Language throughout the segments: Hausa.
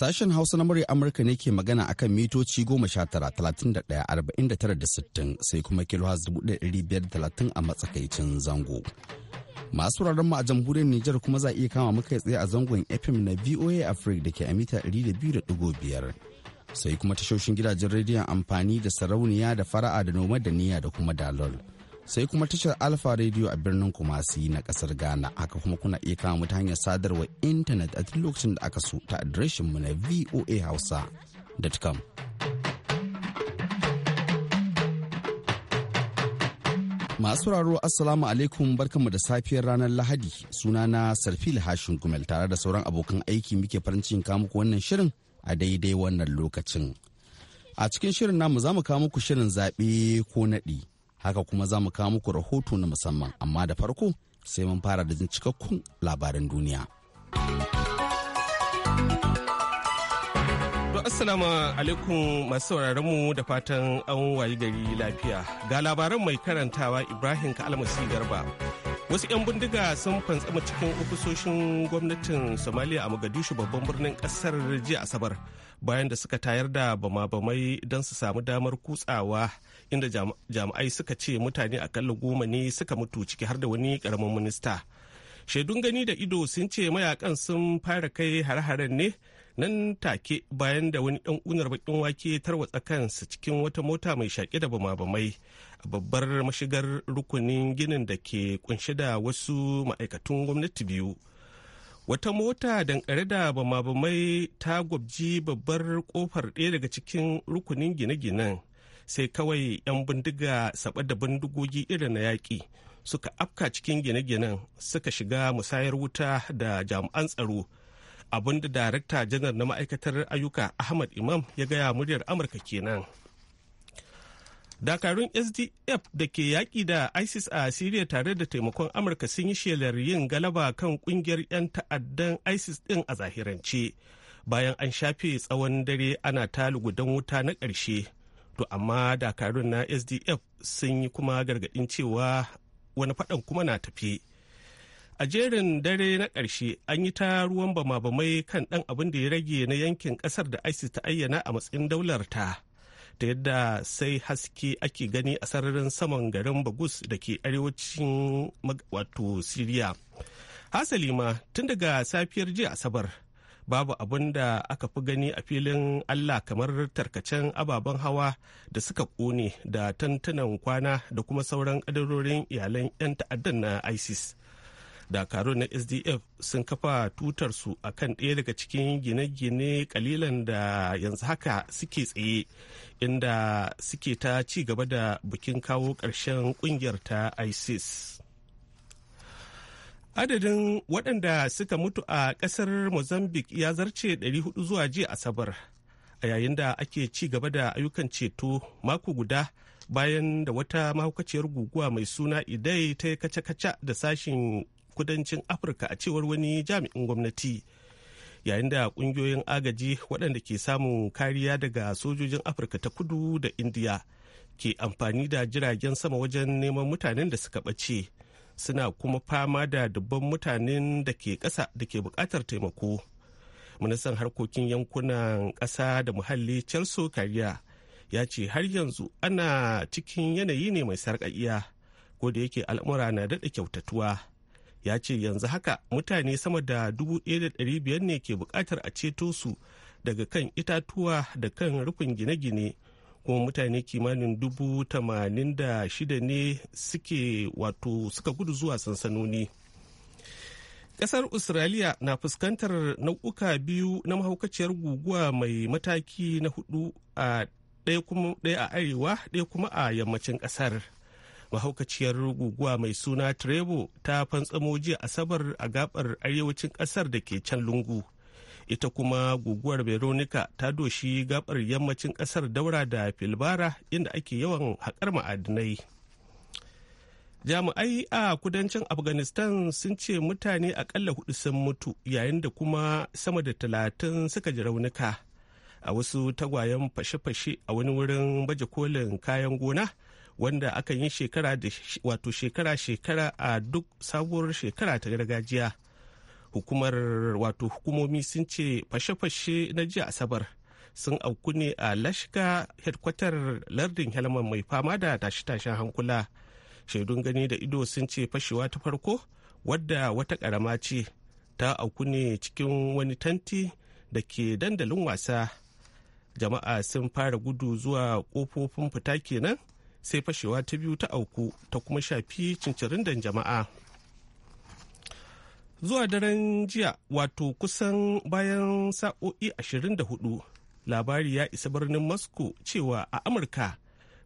Sashen Hausa na murya Amurka ne ke magana a kan mitoci goma sha tara talatin da ɗaya arba'in da tara da sittin sai kuma kilo dubu biyar talatin a matsakaicin zango. Masu wuraren mu a jamhuriyar Nijar kuma za iya kama muka tsaye a zangon FM na VOA Africa da ke a mita ɗari da biyu da ɗigo biyar. Sai kuma tashoshin gidajen rediyon amfani da sarauniya da fara'a da noma da niyya da kuma dalol. sai kuma tashar alfa radio a birnin kumasi na kasar ghana haka kuma kuna iya kama mu ta hanyar sadarwa intanet a duk lokacin da aka so ta adireshin mu na voa hausa.com masu raro assalamu alaikum barkanmu da safiyar ranar lahadi suna na sarfil hashin gumel tare da sauran abokan aiki muke farin cikin kamuku wannan shirin a daidai wannan lokacin a cikin shirin namu za mu kawo muku shirin zaɓe ko naɗi haka kuma za mu kawo muku rahoto na musamman amma da farko sai mun fara da jin cikakkun labaran duniya. Assalamu alaikum masu sauraron mu da fatan an wayi gari lafiya. Ga labaran mai karantawa Ibrahim Kalmasi Garba. Wasu 'yan bindiga sun fantsama cikin ofisoshin gwamnatin Somalia a Mogadishu babban birnin kasar jiya Asabar bayan da suka tayar da bama-bamai don su samu damar kutsawa inda jami'ai suka ce mutane akalla goma ne suka mutu ciki har da wani karamin minista shaidun gani da ido sun ce mayakan sun fara kai har-haren ne nan take bayan da wani yan unar bakin wake tarwatsa kansa cikin wata mota mai shaƙe da bama-bamai a babbar mashigar rukunin ginin da ke kunshi da wasu ma'aikatun gwamnati biyu wata mota dankare da bama-bamai ta gwabji babbar kofar ɗaya daga cikin rukunin gine-ginen sai kawai 'yan bindiga saba da bindigogi irin na yaƙi suka afka cikin gine-ginen suka shiga musayar wuta da jami'an tsaro abinda darakta janar na ma'aikatar ayyuka ahmad imam ya gaya muryar amurka kenan. dakarun sdf da ke yaƙi da isis a siriya tare da taimakon amurka sun yi shelar yin galaba kan ƙungiyar 'yan ta'addan isis ɗin a zahirance bayan an shafe tsawon dare ana ta lugudan wuta na ƙarshe to amma dakarun na sdf sun yi kuma gargaɗin cewa wani faɗan kuma na tafi a jerin dare na ƙarshe an yi ta ruwan bama-bamai kan ɗan abin da ya rage na yankin ƙasar da isis ta ayyana a matsayin daular ta ta yadda sai haske ake gani a sararin saman garin bagus da ke arewacin wato siriya hasali ma tun daga safiyar jiya asabar babu abin da aka fi gani a filin allah kamar tarkacen ababen hawa da suka kone da tantanan kwana da kuma sauran kadarorin iyalan 'yan ta'addan na isis dakarun na sdf sun kafa tutarsu a kan ɗaya daga cikin gine-gine kalilan da yanzu haka suke tsaye inda suke ta ci gaba da bikin kawo ƙarshen ƙungiyar ta isis adadin waɗanda suka mutu a ƙasar mozambique ya zarce 400 zuwa jiya asabar a yayin da ake ci gaba da ayyukan ceto mako guda bayan da wata mahaukaciyar guguwa mai suna idai ta kaca-kaca da sashin kudancin afirka a cewar wani jami'in gwamnati yayin da kungiyoyin agaji waɗanda ke samun kariya daga sojojin afirka ta kudu da indiya ke amfani da jiragen sama wajen neman mutanen da suka ɓace suna kuma fama da dubban mutanen da ke ƙasa da ke buƙatar taimako ministan harkokin yankunan ƙasa da muhalli Chelsea kariya ya ce har yanzu ana cikin yanayi ne mai sarƙaƙiya ko da yake al'amura na daɗa kyautatuwa ya ce yanzu haka mutane sama da 1,500 ne ke bukatar a ceto su daga kan itatuwa da kan rufin gine-gine kuma mutane kimanin 86,000 ne suke wato suka gudu zuwa sansanoni kasar australia na fuskantar nau'uka biyu na mahaukaciyar guguwa mai mataki na hudu a ɗaya a arewa ɗaya kuma a yammacin ƙasar. mahaukaciyar guguwa mai suna trebo ta fantsamo jiya asabar a gabar arewacin kasar da ke can lungu ita kuma guguwar veronica ta doshi gabar yammacin kasar daura da filbara inda ake yawan haƙar ma'adinai jami'ai a kudancin afghanistan sun ce mutane akalla hudu sun mutu yayin da kuma sama da talatin suka ji raunuka a wasu tagwayen fashe-fashe a wani wurin baje kolin kayan gona wanda aka yi shekara da wato shekara-shekara a duk sabuwar shekara ta gargajiya hukumar wato hukumomi sun ce fashe-fashe na jiya asabar sun auku ne a lashka headkwatar lardin helman mai fama da tashe-tashen hankula shaidun gani da ido sun ce fashewa ta farko wadda wata karama ce ta auku ne cikin wani tanti da ke dandalin wasa jama'a sun fara gudu zuwa kofofin fita kenan sai fashewa ta biyu ta auku ta kuma shafi dan jama'a zuwa daren jiya wato kusan bayan sa'o'i 24 labari ya isa birnin moscow cewa a amurka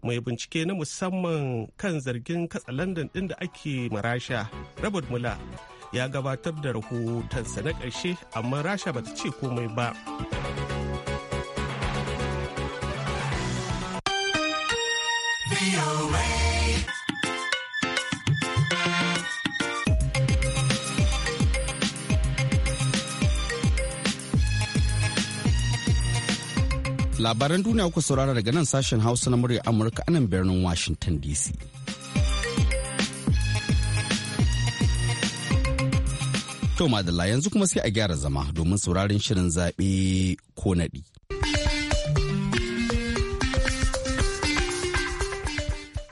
mai bincike na musamman kan zargin katsalandan din da ake marasha robert Muller ya gabatar da rahotonsa na ƙarshe amma rasha bata ce komai ba. Labaran duniya kuka saurara daga nan sashen Hausa na murya Amurka a nan birnin Washington DC. To madalla yanzu kuma sai a gyara zama domin sauraron shirin zaɓe ko naɗi.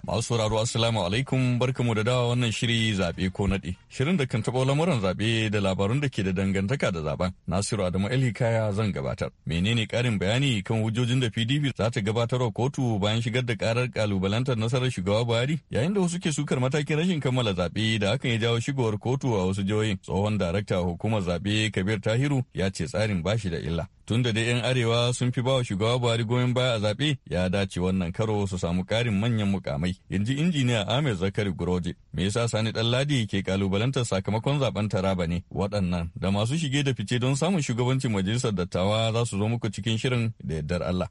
Masu sauraro Assalamu alaikum barkamu da dawa wannan shiri zaɓe ko naɗi. Shirin da kan taɓa lamuran zaɓe da labarun da ke da dangantaka da zaɓen Nasiru Adamu El Hikaya zan gabatar. Menene ƙarin bayani kan hujjojin da PDP za ta wa kotu bayan shigar da ƙarar ƙalubalantar nasarar shugaba Buhari yayin da wasu ke sukar matakin rashin kammala zaɓe da hakan ya jawo shigowar kotu a wasu jihohin. Tsohon darakta hukumar zaɓe Kabir Tahiru ya ce tsarin bashi da illa. tun da dai 'yan arewa sun fi ba shugaba Buhari goyon baya a zaɓe ya dace wannan karo su samu ƙarin manyan mukamai. In ji injiniya Ahmed Zakari Guroje. Me yasa Sani Ɗanladi ke kalubalantar sakamakon zaben Taraba ne? Waɗannan da masu shige da fice don samun shugabancin majalisar dattawa za su zo muku cikin shirin da yardar Allah.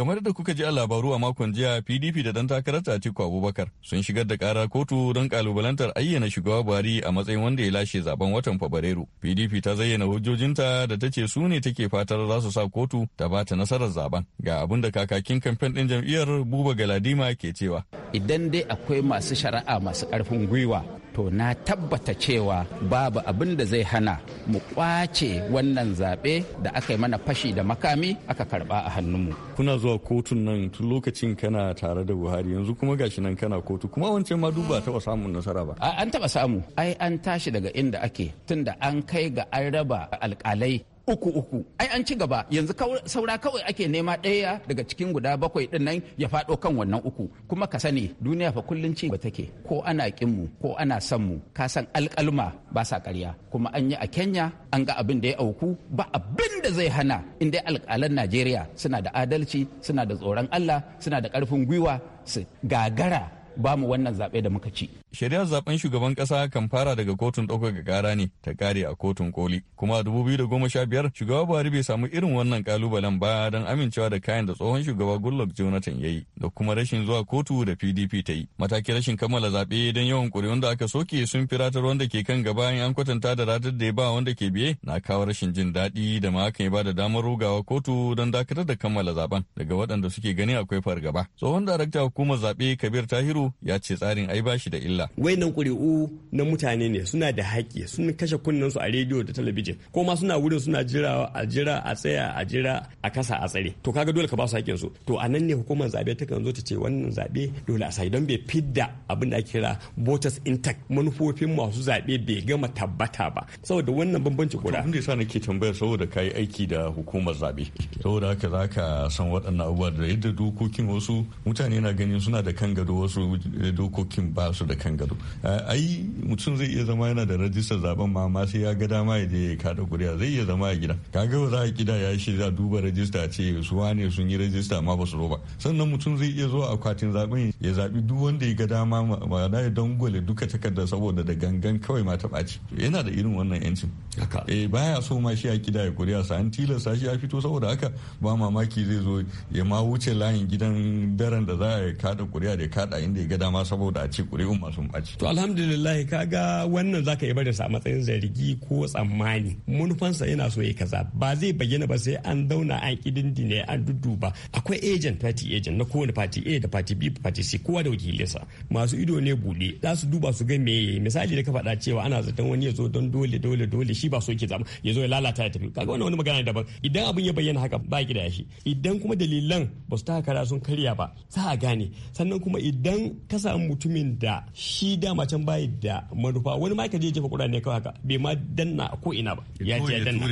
kamar da kuka ji a labaru a makon jiya pdp da dan takarar atiku abubakar sun shigar da kara kotu don kalubalantar ayyana shugaba buhari a matsayin wanda ya lashe zaben watan fabrairu pdp ta zayyana hujjojinta da ta ce su ne take fatar za su sa kotu ta ba ta nasarar zaben ga abin da kakakin kamfen din jam'iyyar buba galadima ke cewa idan dai akwai masu shari'a masu karfin gwiwa to na tabbata cewa babu abin da zai hana mu kwace wannan zaɓe da aka yi mana fashi da makami aka karɓa a hannunmu. Kuna zuwa kotun nan tun lokacin kana tare da Buhari yanzu kuma gashi nan kana kotu kuma wancan ma duba ba taɓa samun nasara ba. An taɓa samu ai an tashi daga inda ake tunda an kai ga an raba alƙalai uku uku ai an ci gaba yanzu saura kawai ake nema ɗaya daga cikin guda bakwai ɗin nan ya faɗo kan wannan uku kuma ka sani duniya fa kullun ci take ko ana kin mu ko ana san mu ka san alƙalma ba sa ƙarya kuma an yi a Kenya an ga abin da ya auku ba abin da zai hana in dai alƙalan Najeriya suna da adalci suna da tsoron Allah suna da ƙarfin gwiwa su gagara ba mu wannan zaɓe da muka ci Shari'ar zaben shugaban kasa kan fara daga kotun ɗaukaka ƙara ne ta kare a kotun koli. Kuma a dubu biyu da goma sha biyar shugaba Buhari bai samu irin wannan ƙalubalen ba don amincewa da kayan da tsohon shugaba Goodluck Jonathan ya yi da kuma rashin zuwa kotu da PDP ta yi. Matakin rashin kammala zaɓe don yawan ƙuri'un da aka soke sun fi ratar wanda ke kan gaba in an kwatanta da ratar da ya ba wanda ke biye na kawo rashin jin daɗi da ma hakan ya ba da damar rugawa kotu don dakatar da kammala zaben daga waɗanda suke gani akwai fargaba. Tsohon darakta hukumar zaɓe Kabir Tahiru ya ce tsarin ai bashi da illa. Allah nan ƙuri'u na mutane ne suna da haƙƙi sun kashe kunnen a rediyo da talabijin ko ma suna wurin suna jira a jira a tsaya a jira a kasa a tsare to kaga dole ka ba su haƙƙin su to a nan ne hukumar zabe ta kan zo ta ce wannan zabe dole a sai don bai fidda abin da ake kira voters intact manufofin masu zabe bai gama tabbata ba saboda wannan bambanci kura abin da yasa nake tambaya saboda kai aiki da hukumar zabe saboda haka zaka san waɗannan abubuwa da yadda dokokin wasu mutane na ganin suna da kan gado wasu dokokin ba su da kan kan gado ai mutum zai iya zama yana da rajistar zaben ma amma sai ya ga dama ya je ya kada kuri'a zai iya zama a gida kaga ba za a kida ya shi za duba rajista ce su wane sun yi rajista amma ba su roba ba sannan mutum zai iya zuwa akwatin zaben ya zabi duk wanda ya ga dama ma da ya dangole duka takarda saboda da gangan kawai ma ta ɓaci yana da irin wannan yancin eh baya so ma shi ya kida ya kuri'a sa an tilasta shi ya fito saboda haka ba mamaki zai zo ya ma wuce layin gidan daren da za a kada kuri'a da ya kada inda ya ga dama saboda a ce kuri'un masu sun ɓace. To alhamdulillah kaga wannan zaka iya barinsa a matsayin zargi ko tsammani manufansa yana so ya kaza ba zai bayyana ba sai an zauna an ne an dudduba akwai agent party agent na kowane party A da party B party C kowa da wakilinsa masu ido ne buɗe za su duba su ga me misali da ka faɗa cewa ana zaton wani ya zo don dole dole dole shi ba so yake zama ya zo ya lalata ya tafi kaga wannan wani magana daban idan abin ya bayyana haka ba ki da shi idan kuma dalilan ba su taka kara sun karya ba za a gane sannan kuma idan ka samu mutumin da shi dama can bayi da manufa wani ma ka je jefa kuɗa ne kawai haka bai ma danna ko ina ba ya je danna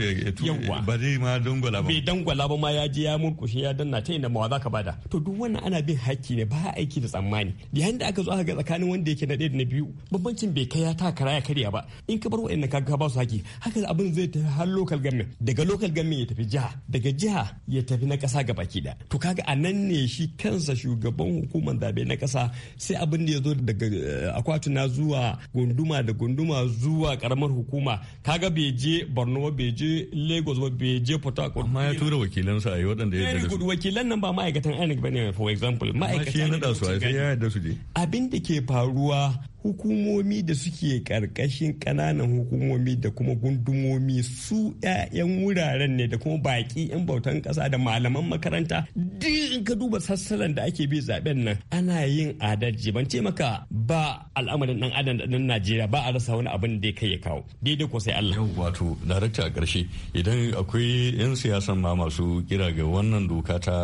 yawa ba dai ma dangwala ba bai dangwala ba ma ya je ya murkushe ya danna ta ina ma za ka bada to duk wannan ana bin haƙƙi ne ba aiki da tsammani da yanda aka zo aka ga tsakanin wanda yake na ɗaya da na biyu bambancin bai kai ya kara ya karya ba in ka bar wa'in ka ba su haƙƙi haka abin zai tafi har local government daga local government ya tafi jiha daga jiha ya tafi na ƙasa baki da to kaga a nan ne shi kansa shugaban hukumar zabe na ƙasa sai abin da ya zo daga akwatina zuwa gunduma da gunduma zuwa karamar hukuma kaga bai je borno ba bai je lagos ba bai je port harcourt amma ya tura wakilansa a yi waɗanda ya yarda su eh, wakilan nan ba ma'aikatan inec ba ne for example ma'aikatan inec su ya da su je abin da ke faruwa hukumomi da suke karkashin kananan hukumomi da kuma gundumomi su 'ya'yan wuraren ne da kuma baki 'yan bautan kasa da malaman makaranta in ka duba sassalan da ake bi zaben nan ana yin adalci ban ce maka ba al'amarin dan adam dan najeriya ba a rasa wani abin da kai ya kawo daidai ko sai allah yau wato darakta a karshe idan akwai 'yan siyasan ma masu kira ga wannan doka ta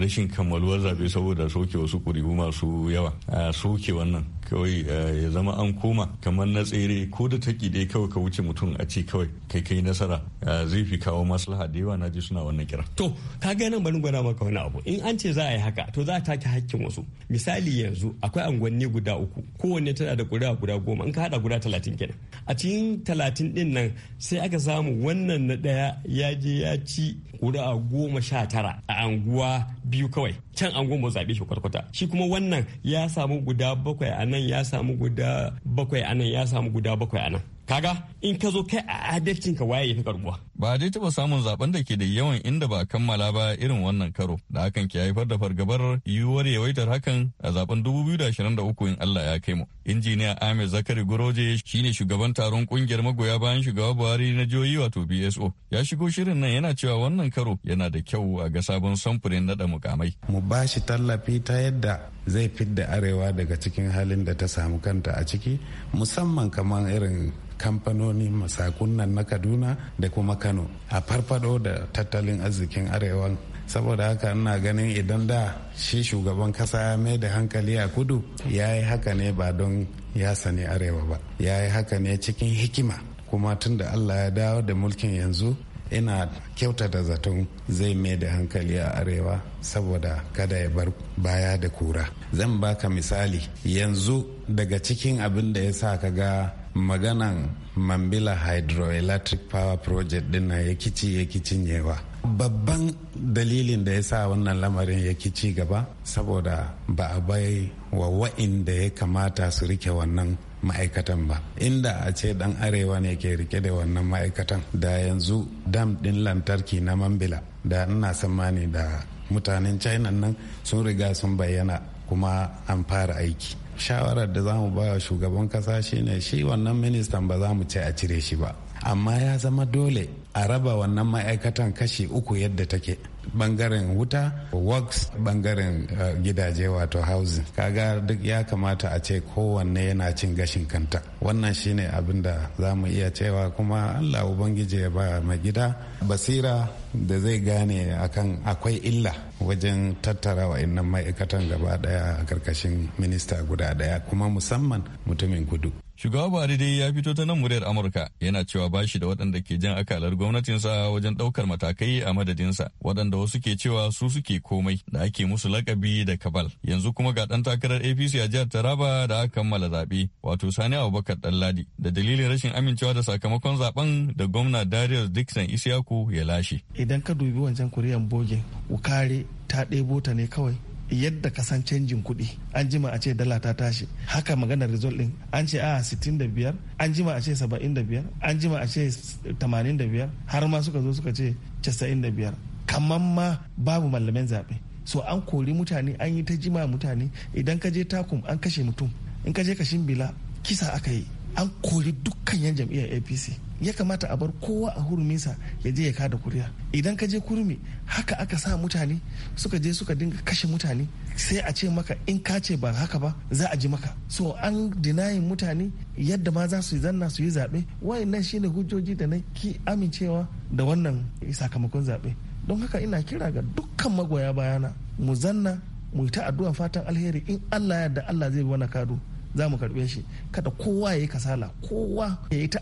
rashin kammaluwar zabe saboda soke wasu kuri'u masu yawa a soke wannan kawai eh, ya zama an koma kamar na tsere ko da taki dai kawai ka wuce mutum a ce kawai kai kai nasara eh, zai fi kawo maslaha da yawa naji suna wannan kira to ka ga nan bari gwada maka wani abu in an ce za a yi haka to za a take hakkin wasu misali yanzu akwai angwanni guda uku kowanne tana da ƙuri'a guda goma in ka hada guda talatin kenan a cikin talatin din nan sai aka samu wannan na ɗaya ya je ya ci ƙuri'a goma sha tara a anguwa biyu kawai can an goma zaɓe shi kwata shi kuma wannan ya samu guda bakwai a nan ya samu guda bakwai a nan ya samu guda bakwai a nan kaga in ka zo kai a adalcin ka waye fi karbuwa ba dai taba samun zaben da ke da yawan inda ba kammala ba irin wannan karo da hakan ke haifar da fargabar yiwuwar yawaitar hakan a zaben 2023 in Allah ya kai mu injiniya ahmed zakari goroje shine shugaban taron kungiyar magoya bayan shugaba buhari na jihohi wato bso ya shigo shirin nan yana cewa wannan karo yana da kyau a ga sabon samfurin naɗa mukamai mu ba shi tallafi ta yadda zai fidda arewa daga cikin halin da ta samu kanta a ciki musamman kamar irin kamfanoni masakunan na kaduna da kuma kano a farfado da tattalin arzikin arewa saboda haka ina ganin idan da shi shugaban kasa ya mai da hankali a kudu ya yi haka ne ba don ya sani arewa ba ya yi haka ne cikin hikima kuma tun da allah ya dawo da mulkin yanzu ina kyautata zaton zai mai da hankali a arewa saboda kada ya bar baya da kura zan baka misali yanzu daga cikin abin da ya sa ka ga maganan mambila hydroelectric power project din na ya kici ya cinyewa babban dalilin da ya sa wannan lamarin ya ci gaba saboda ba a bai wa wa'inda ya kamata su rike wannan ma'aikatan ba inda a ce dan arewa ne ke rike da wannan ma'aikatan da yanzu dam din lantarki na mambila da ina tsammani da mutanen china nan sun riga sun bayyana kuma an fara aiki shawarar da za mu ba shugaban kasa shine shi wannan ministan ba za mu ce a cire shi ba amma ya zama dole a raba wannan ma'aikatan kashi uku yadda take bangaren wuta works bangaren eh, gidaje wato housing kaga duk ya kamata a ce kowanne yana cin gashin kanta wannan shine abin da za mu iya cewa kuma allah ubangiji ya ba mai gida basira da zai gane akan akwai illa wajen tattara wa'annan ma'aikatan gaba daya a karkashin minista guda daya kuma musamman mutumin kudu shugaba buhari dai ya fito ta nan muryar amurka yana cewa bashi da waɗanda ke jan akalar gwamnatinsa wajen ɗaukar matakai a madadinsa waɗanda wasu ke cewa su suke komai da ake musu lakabi da kabal yanzu kuma ga ɗan takarar apc a jihar taraba da a kammala zaɓe wato sani abubakar ɗanladi da dalilin rashin amincewa da sakamakon zaben da gwamna darius dixon isiyaku ya lashe idan ka dubi wancan kuriyan bogin wukari ta ɗebo ta ne kawai yadda ka san canjin kuɗi an jima a ce dala ta tashi haka maganar result ɗin an ce ah, a 65 an jima a ce 75 an jima a ce 85 har ma suka zo suka ce 95 kamar ma babu mallamin zaɓe so an kori mutane an yi ta jima mutane idan ka je takum an kashe mutum in ka je kashin bila kisa aka yi an kori dukkan yan jam'iyyar apc ya kamata a bar kowa a huruminsa ya je ya kada kuriya idan ka je kurmi haka aka sa mutane suka je suka dinga kashe mutane sai a ce maka in ka ce ba haka ba za a ji maka so an dinayin mutane yadda ma za su zanna su yi zaɓe wayannan shine hujjoji da na ki amincewa da wannan sakamakon zaɓe don haka ina kira ga dukkan magoya bayana mu zanna mu yi ta addua fatan alheri in Allah ya da Allah zai wani kado za mu karɓe shi kada kowa ya yi kasala kowa ya yi ta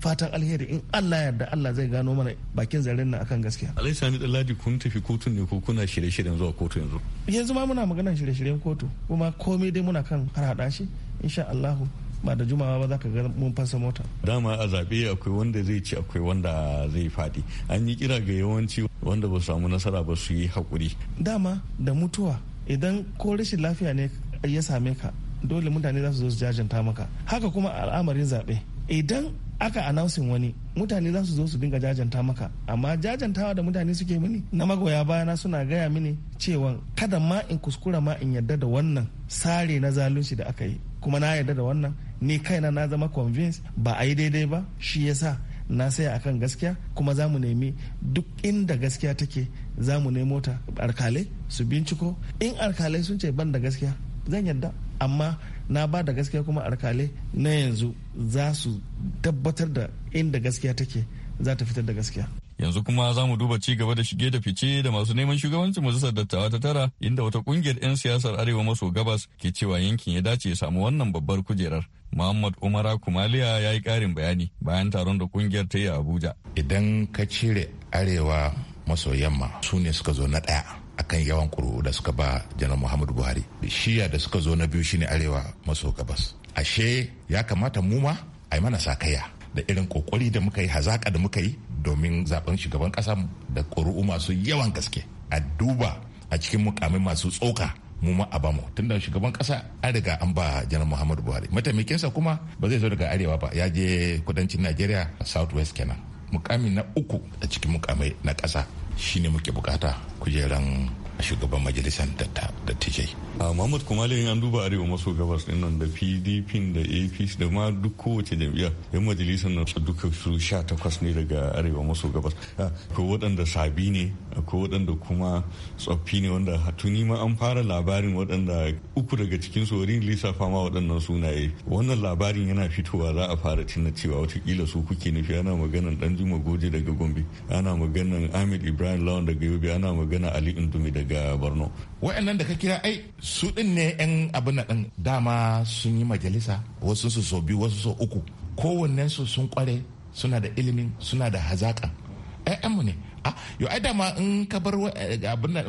fatan alheri in Allah yarda Allah zai gano mana bakin zaren nan akan gaskiya Alai Sani Dalladi kun tafi kotun ne ko kuna shirye-shiryen zuwa kotu yanzu yanzu ma muna magana shirye-shiryen kotu kuma komai dai muna kan harhaɗa shi insha Allahu ba da jumawa ba za ka ga mun fasa mota. Dama a zaɓe akwai wanda zai ci akwai wanda zai faɗi. An yi kira ga yawanci wanda ba samu nasara ba su yi haƙuri. Dama da mutuwa idan ko rashin lafiya ne ya same ka dole mutane za su zo su jajanta maka haka kuma al'amarin zaɓe idan aka anausin wani mutane za su zo su dinga jajanta maka amma jajantawa da mutane suke mini na magoya bayana suna gaya mini cewa kada ma in kuskura ma in yadda da wannan sare na zalunci da aka yi kuma na yadda da wannan ni kaina na zama convince ba a yi daidai ba shi yasa na saya akan gaskiya kuma za mu nemi duk inda gaskiya take za mu nemo ta alkalai su binciko in alkalai sun ce ban da gaskiya zan yadda. amma na ba da gaskiya kuma alkalai na yanzu za su tabbatar da inda gaskiya take za ta fitar da gaskiya yanzu kuma za mu duba ci gaba da shige da fice da masu neman shugabancin majalisar dattawa ta tara inda wata kungiyar 'yan siyasar arewa maso gabas ke cewa yankin ya dace ya samu wannan babbar kujerar muhammad umara kumaliya ya yi karin bayani bayan taron da kungiyar ta yi a abuja idan ka cire arewa maso yamma su ne suka zo na ɗaya akan yawan kuru'u da suka ba janar muhammadu buhari shiya da suka zo na biyu shine arewa maso gabas ashe ya kamata mu ma a yi mana sakaya da irin kokari da muka yi hazaka da muka yi domin zaben shugaban kasa da kuruu masu yawan gaske a duba a cikin mukamin masu tsoka mu ma a bamu tunda shugaban kasa an riga an ba janar muhammadu buhari mataimakinsa kuma ba zai zo daga arewa ba ya je kudancin najeriya South-West kenan mukami na uku a cikin mukamai na kasa shine muke bukata kujeran shugaban majalisar dattijai. Muhammad Kumali an duba arewa maso gabas din nan da PDP da APC da ma duk kowace jam'iyyar yan majalisar nan su duka su sha takwas ne daga arewa maso gabas. Ko waɗanda sabi ne ko waɗanda kuma tsoffi ne wanda tuni ma an fara labarin waɗanda uku daga cikin su wurin lissafa ma waɗannan sunaye. Wannan labarin yana fitowa za a fara cinna cewa watakila su kuke nufi ana maganan Danjuma Goje daga Gombe ana maganan Ahmed Ibrahim Lawan daga Yobe ana magana Ali Indumi daga daga borno wa'annan da ka kira ai su din ne yan abin na din dama sun yi majalisa wasu su so biyu wasu so uku kowannen su sun kware suna da ilimin suna da hazaka mu ne a ah, yo ai dama in ka bar eh, abin na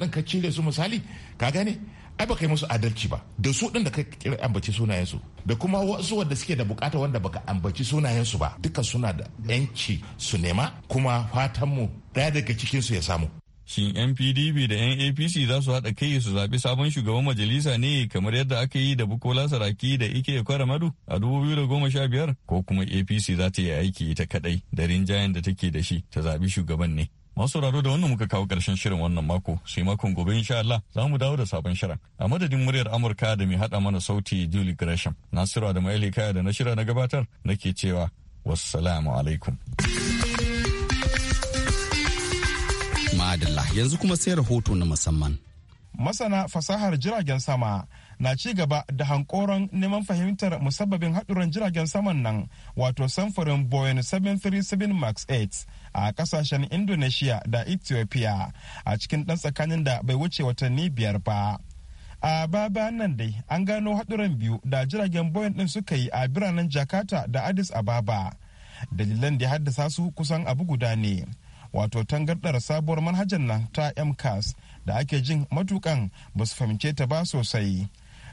din ka cire su misali ka gane ai baka yi musu adalci ba da su din da ka kira ambaci sunayensu da kuma wasu wanda suke da bukata wanda baka ambaci su ba duka suna da yanci su nema kuma fatan mu daya daga cikinsu ya samu Shin npdb da 'yan APC za su haɗa kai su zaɓi sabon shugaban majalisa ne kamar yadda aka yi da Bukola Saraki da Ike Kwaramadu a 2015 ko kuma APC za ta yi aiki ita kaɗai da rinjayen da take da shi ta zaɓi shugaban ne. Masu raro da wannan muka kawo ƙarshen shirin wannan mako sai makon gobe insha Allah za mu dawo da sabon shirin. A madadin muryar Amurka da mai haɗa mana sauti Julie Gresham, Nasiru Adamu Kaya da na shira na gabatar nake cewa wassalamu alaikum. Ma'adalla yanzu kuma sai rahoto na musamman. Masana fasahar jiragen sama na ci gaba da hankoron neman fahimtar musabbabin haɗuran jiragen saman nan wato samfurin Boeing 737 MAX 8 a kasashen Indonesia da Ethiopia a cikin ɗan tsakanin da bai wuce watanni biyar ba. a baya nan dai an gano haɗuran biyu da jiragen boyan ɗin suka yi a biranen jakarta da addis ababa dalilan da ya haddasa su kusan abu guda ne wato tangardar sabuwar manhajar nan ta mcas da ake jin matukan ba su fahimce ta ba sosai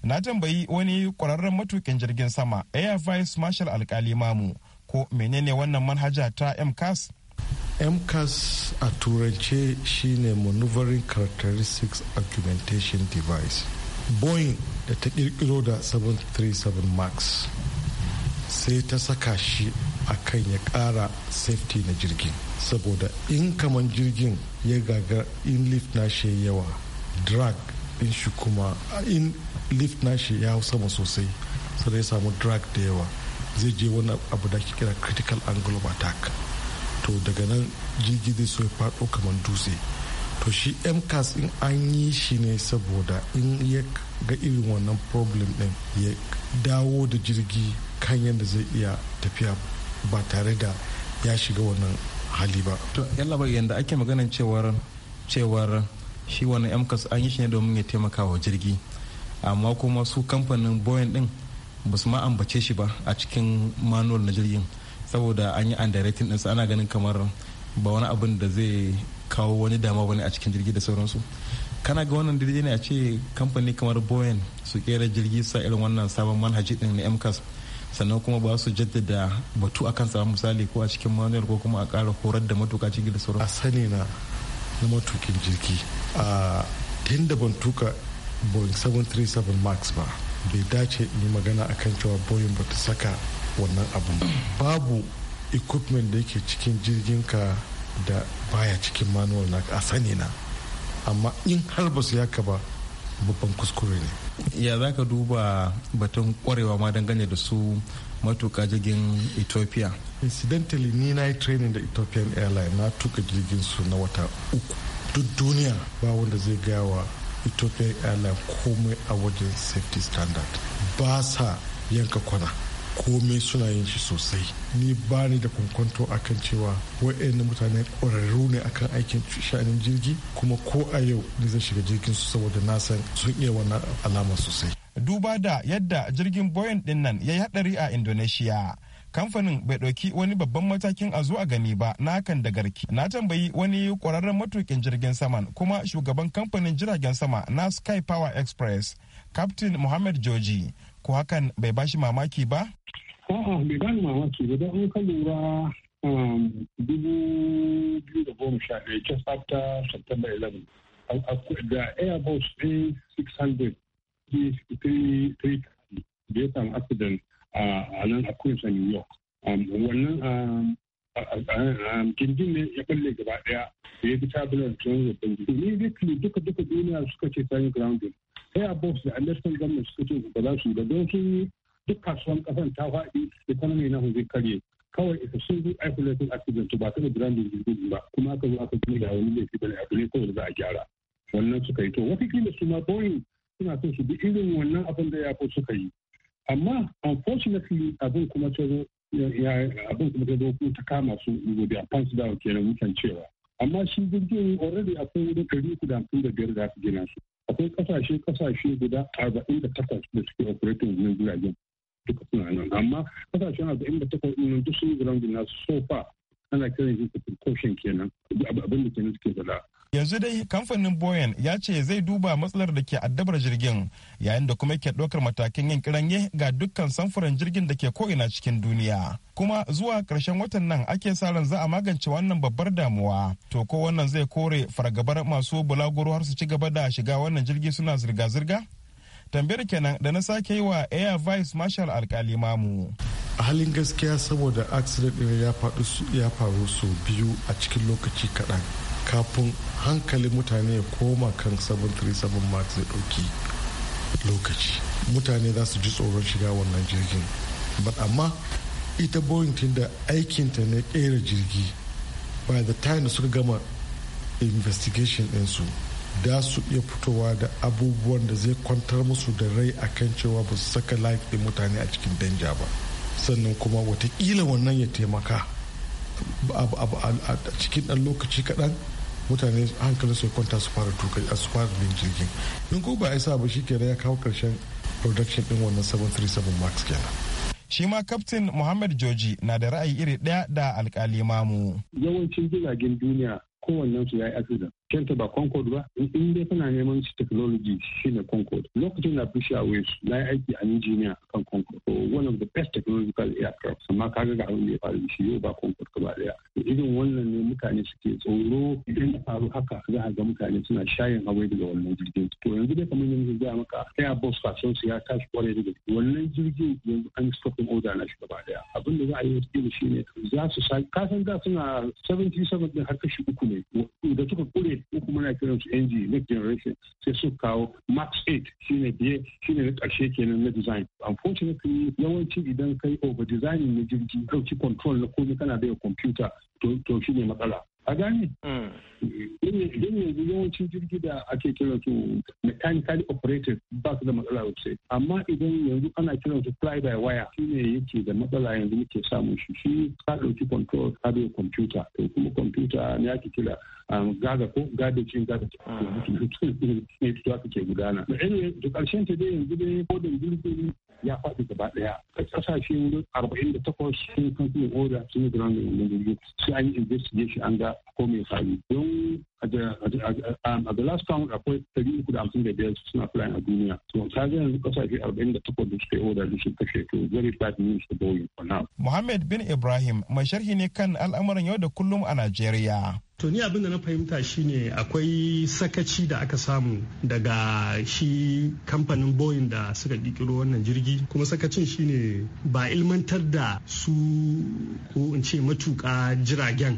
na tambayi wani kwararren matukin jirgin sama air vice marshal alkali mamu ko menene wannan manhaja ta mcas mcas a turance shine maneuvering characteristics augmentation device boeing da ta kirkiro da 737 max sai ta saka shi akan ya kara safety na jirgin saboda in kaman jirgin ya gaga in lift nashi yawa drag din shi kuma in lift nashi ya sama sosai sai ya samu drag da yawa zai je wani abu da ake kira critical angle of attack to daga nan jirgi zai so ya faɗo kaman dutse to shi mcas in an yi shi ne saboda in ya ga irin wannan problem din ya dawo da jirgi kan yadda zai iya tafiya ba tare da ya shiga wannan hali ba to yalla bai yanda ake maganan cewar cewar shi wani mcas an yi shi ne domin ya taimaka wa jirgi amma kuma su kamfanin boeing din ba su ma ambace shi ba a cikin manual na jirgin saboda an yi din ɗinsu ana ganin kamar ba wani abin da zai kawo wani dama bane a cikin jirgi da sauransu kana ga wannan jirgi ne a ce kamfani kamar boeing su kera jirgi sa irin wannan sabon manhaji din na mcas sannan kuma ba su jaddada batu akan sa misali ko a cikin manuwar ko kuma a ƙara horar da matuka cikin da sauran a sani na na matukin jirgi a tun da ban tuka boeing 737 max ba bai dace in yi magana kan cewa boeing ba ta saka wannan abun babu equipment da yake cikin jirgin ka da baya cikin manual na a sani na amma in har ba su yaka ba babban kuskure ne ya za ka duba batun kwarewa ma dangane da su matuka jirgin ethiopia incidentally ni na yi training da ethiopian airline na tuka jirgin su na wata uku duk duniya ba wanda zai gaya wa ethiopian airline komai a wajen safety standard ba sa yanka kwana komai suna yin shi sosai ni ba ni da kwankwanto kan cewa wa'annan mutane ƙwararru ne akan aikin sha'anin jirgi kuma ko a yau ni zai shiga jirgin su saboda na san sun iya wannan alama sosai duba da yadda jirgin boyan din nan ya yi hadari a indonesia kamfanin bai ɗauki wani babban matakin a zuwa gani ba na kan da garki na tambayi wani kwararren matukin jirgin saman kuma shugaban kamfanin jiragen sama na sky power express captain mohammed joji ko hakan bai bashi mamaki ba? A'a bai bani mamaki ba don ka lura um, dubu biyu da goma sha ɗaya just after September 11 da Airbus A600 330 da ya samu accident a nan a Queens a New York. Um, wannan um, gindin ne ya balle gaba ɗaya da ya fi tabular tsohon babban gidi ne duka duka duniya suka ce sayin grounding sai a box da alaskan gwamnati suka ce ba za su yi da don sun yi duk kasuwan kasan ta faɗi economy na zai karye kawai ita sun yi isolating accident ba ta da branding jirgin ba kuma aka zo aka gina wani laifi bane abu ne kawai da za a gyara wannan suka yi to kila su ma boeing suna son su bi irin wannan abin da ya suka yi amma unfortunately abin kuma ta zo abin kuma ta zo ta kama su gobe a pants down kenan mutan cewa amma shi jirgin already akwai wurin ɗari uku da da biyar da su gina su akwai kasashe kasashe guda arba'in da takwas da suke operating wannan jiragen duka suna nan amma kasashen arba'in da takwas ɗin duk sun ground na so far ana kiran shi precaution kenan abin da kenan suke zala yanzu dai kamfanin boyan ya ce zai duba matsalar da ke addabar jirgin yayin da kuma ke ɗaukar matakin yin kiranye ga dukkan samfuran jirgin da ke ko'ina cikin duniya kuma zuwa ƙarshen watan nan ake sa ran za a magance wannan babbar damuwa to ko wannan zai kore fargabar masu bulaguro har su ci gaba da shiga wannan jirgi suna zirga-zirga tambayar kenan da na sake yi wa air vice marshal alkali mamu a halin gaskiya saboda accident ya faru sau biyu a cikin lokaci kaɗan kafin hankalin mutane ya koma kan 737 max zai ɗauki lokaci mutane za su ji tsoron shiga wannan jirgin amma ita boeing tun da aikinta na kera jirgi by the time suka gama investigation ɗinsu da su iya fitowa da abubuwan da zai kwantar musu da rai akan cewa ba su saka life ɗin mutane a cikin danja ba sannan kuma watakila wannan ya taimaka a cikin ɗan lokaci kaɗan mutane hankalin su kwanta su fara tuka su fara bin jirgin in ko ba a isa ba shikenan ya kawo karshen production din wannan 737 max kenan shi ma kaftin muhammad joji na da ra'ayi iri daya da alkali mamu yawancin jiragen duniya kowannen su ya yi asida kenta ba concord ba in dai kana neman su technology shine concord lokacin da bushe su na yi aiki a injiniya kan concord one of the best technological aircraft amma kaga ga abin da ya faru shi yau ba concord gaba daya irin wannan ne mutane suke tsoro idan ya faru haka za a ga mutane suna shayin hawai daga wannan jirgin to yanzu dai kamar yanzu gaya maka airbus kasuwar su ya tashi kwarai daga wannan jirgin yanzu an stopin oda na shi gaba daya abin da za a yi wasu irin shi ne za su sa kasan da suna 77 din har kashi uku ne da suka kure uku muna kiran su ng next generation sai su kawo max 8 shine biye shine na karshe kenan na design unfortunately yawanci idan kai over designing na jirgi dauki control na komai kana da computer to shi ne matsala a gane mm. don yanzu yawancin jirgi da ake kira su mechanical operated ba su da matsala sosai amma idan yanzu ana kiran su fly by wire shi ne yake da matsala yanzu muke samun shi shi ka ɗauki control ka bai computer to kuma computer ne ake kira um, gaga ko gadajin gaga ne to aka ke gudana da ƙarshen ta dai yanzu dai da jirgin ya faɗi gaba ɗaya a ƙasashe wurin arba'in da takwas sun kan kuma oda sun yi ground wannan jirgin sai an yi investigation an ga ko mai faru don a um, the last count akwai ɗari uku da hamsin da biyar suna fulani a duniya to ta ga yanzu ƙasashe arba'in da takwas da suka yi oda da sun kashe to very bad news for boeing for now. Mohammed bin Ibrahim mai sharhi ne kan al'amuran yau da kullum a Najeriya. To ni abin da na fahimta shine akwai sakaci da aka samu daga shi kamfanin Boeing da suka kikiro wannan jirgi kuma sakacin shine ba ilmantar da su ko in ce matuƙa jiragen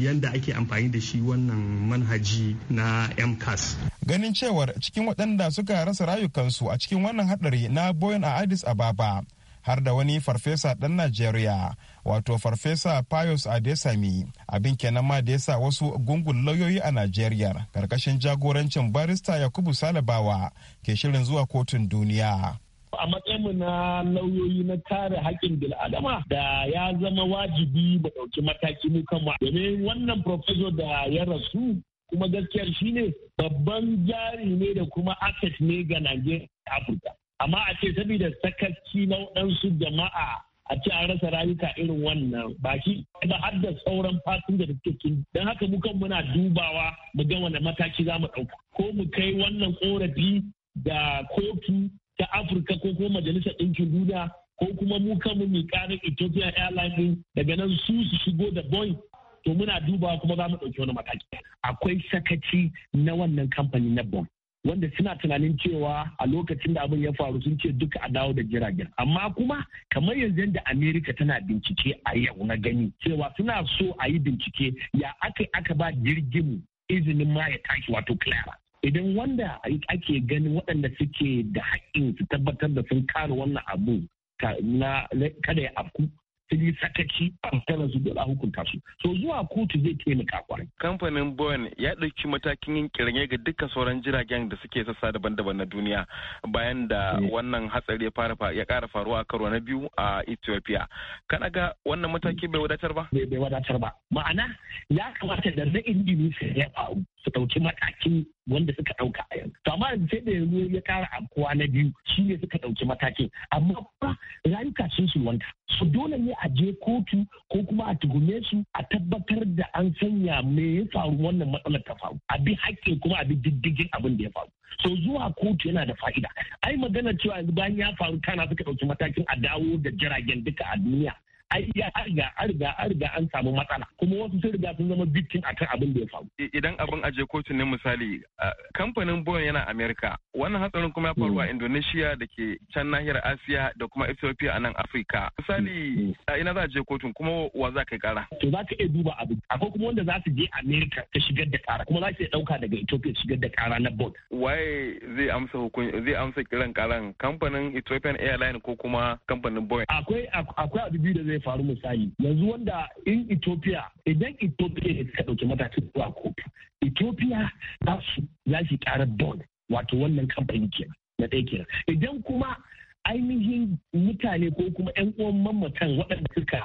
yanda ake amfani da shi wannan manhaji na MCAS. Ganin cewar cikin waɗanda suka rasa rayukansu a cikin wannan hadari na Boeing a Addis Ababa har da wani farfesa ɗan Najeriya. wato farfesa pius adesami abin kenan ma da yasa wasu gungun lauyoyi a najeriya karkashin jagorancin barista yakubu salabawa ke shirin zuwa kotun duniya a matsayinmu na lauyoyi na kare haƙƙin bil'adama da ya zama wajibi ba ɗauki mataki mu kan kama domin wannan professor da ya rasu kuma gaskiyar shi ne? babban jari ne da kuma asset ne ga Najeriya Afirka amma a ce saboda sakaci na waɗansu jama'a a ce an rasa rayuka irin wannan baki da haddar sauran fasinja da suke cikin don haka mukan muna dubawa mu ga wani mataki za mu ɗauka ko mu kai wannan korafi da kotu ta afirka ko ko majalisar ɗinkin duniya ko kuma mu kan mu ƙarin ethiopia airlines daga nan su su shigo da boeing to muna dubawa kuma za mu ɗauki wani mataki akwai sakaci na wannan kamfani na boy. wanda suna tunanin cewa a lokacin da abin ya faru sun ce duka a dawo da jiragen amma kuma kamar yanzu da amerika tana bincike a yau na gani cewa suna so a yi bincike ya aka aka ba jirgin izinin ma ya tashi wato clara idan wanda ake ganin waɗanda suke da haƙƙin su tabbatar da sun kare wannan abu na kada ya afku sun yi sataki an tana su a hukunta su so zuwa kotu zai taimaka kwarai. kamfanin boeing ya ɗauki matakin yin kirange ga dukkan sauran jiragen da suke sassa daban-daban na duniya bayan da eh. wannan hatsari ya fara ya ƙara faruwa a karo na biyu a ethiopia kana ga wannan mataki bai wadatar ba. bai wadatar ba ma'ana ya kamata da na indonesia ya faru su ɗauki matakin wanda suka ɗauka a yanzu. To amma sai da yanzu ya kara Kowa na biyu shi ne suka ɗauki matakin amma ba rayuka sun sulwanta. Su dole ne a je kotu ko kuma a tuhume su a tabbatar da an sanya me ya faru wannan matsalar ta faru. A bi haƙƙin kuma a bi diddigin abin da ya faru. So zuwa kotu yana da fa'ida. Ai maganar cewa yanzu bayan ya faru kana suka ɗauki matakin a dawo da jiragen duka a duniya ya riga an riga an samu matsala kuma wasu sun riga sun zama victim akan abin da ya faru idan abin aje kotu ne misali kamfanin Boeing yana Amerika wannan hatsarin kuma ya faru a hmm. Indonesia da ke can nahiyar Asiya da kuma Ethiopia a nan Afirka misali hmm. Hmm. ina za a je kotun kuma wa za ka kara to za ka iya duba abu akwai kuma wanda za su je Amerika ta shigar da kara kuma za su iya dauka daga Ethiopia shigar da kara na board waye zai amsa hukun zai amsa kiran karan kamfanin Ethiopian Airline ko kuma kamfanin Boeing akwai akwai abu biyu da zai zai faru misali yanzu wanda in Ethiopia idan Ethiopia ya ka ɗauki matakin zuwa kotu Ethiopia za su ya shi karar bond wato wannan kamfani kenan na ɗaya kenan idan kuma ainihin mutane ko kuma 'yan uwan mamatan waɗanda suka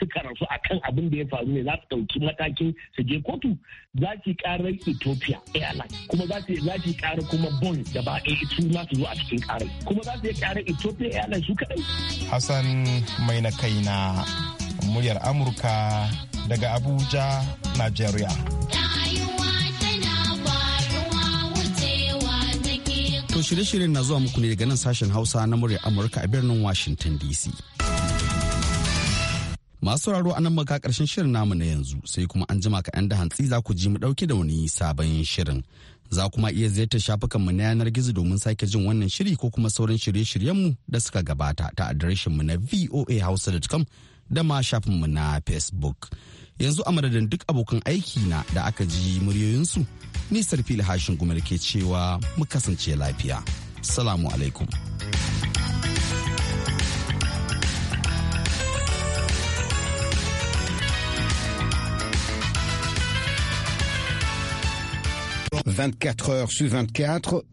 suka rasu a kan abin da ya faru ne za su ɗauki matakin su je kotu za su ƙarar ethiopia airline kuma za su yi kuma bon da ba a su su zo a cikin ƙarar kuma za su yi ƙarar ethiopia airline su kaɗai. hassan mai na kai na muryar amurka daga abuja nigeria. To shirye-shiryen na zuwa muku ne daga nan sashen Hausa na murya Amurka a birnin Washington DC. Masu sauraro a nan maka karshen shirin namu na yanzu sai kuma an jima ka 'yan da hantsi za ku ji mu dauke da wani sabon shirin. Za kuma iya ziyartar shafukanmu na yanar gizo domin sake jin wannan shiri ko kuma sauran shirye-shiryenmu da suka gabata ta adireshinmu na voahausa.com da ma shafinmu na Facebook. Yanzu a madadin duk abokan aiki na da aka ji muryoyinsu. Nisar fili hashin gumar ke cewa mu kasance lafiya. Salamu alaikum. Vingt-quatre heures sur vingt-quatre.